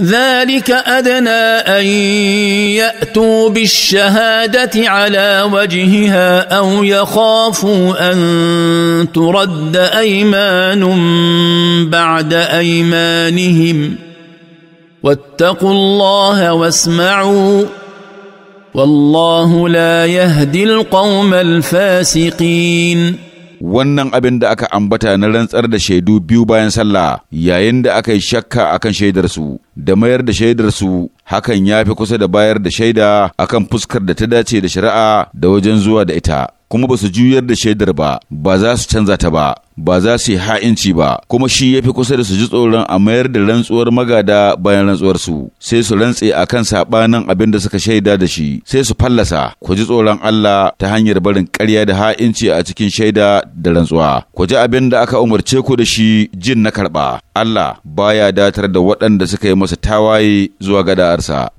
ذلك ادنى ان ياتوا بالشهاده على وجهها او يخافوا ان ترد ايمان بعد ايمانهم واتقوا الله واسمعوا والله لا يهدي القوم الفاسقين wannan abin da aka ambata na rantsar da shaidu biyu bayan sallah yayin da aka yi shakka akan shaidarsu da mayar da shaidarsu hakan ya fi kusa da bayar da shaida akan fuskar da ta dace da shari'a da wajen zuwa da ita kuma ba su juyar da shaidar ba ba za su canza ta ba ba za su yi ha'inci ba kuma shi ya fi kusa da su ji tsoron a mayar da rantsuwar magada bayan rantsuwar su sai su rantse a kan saɓanin abin da suka shaida da shi sai su fallasa ku ji tsoron Allah ta hanyar barin ƙarya da ha'inci a cikin shaida da rantsuwa ku ji abin da aka umarce ku da shi jin na karɓa Allah baya datar da waɗanda suka yi masa tawaye zuwa gada'arsa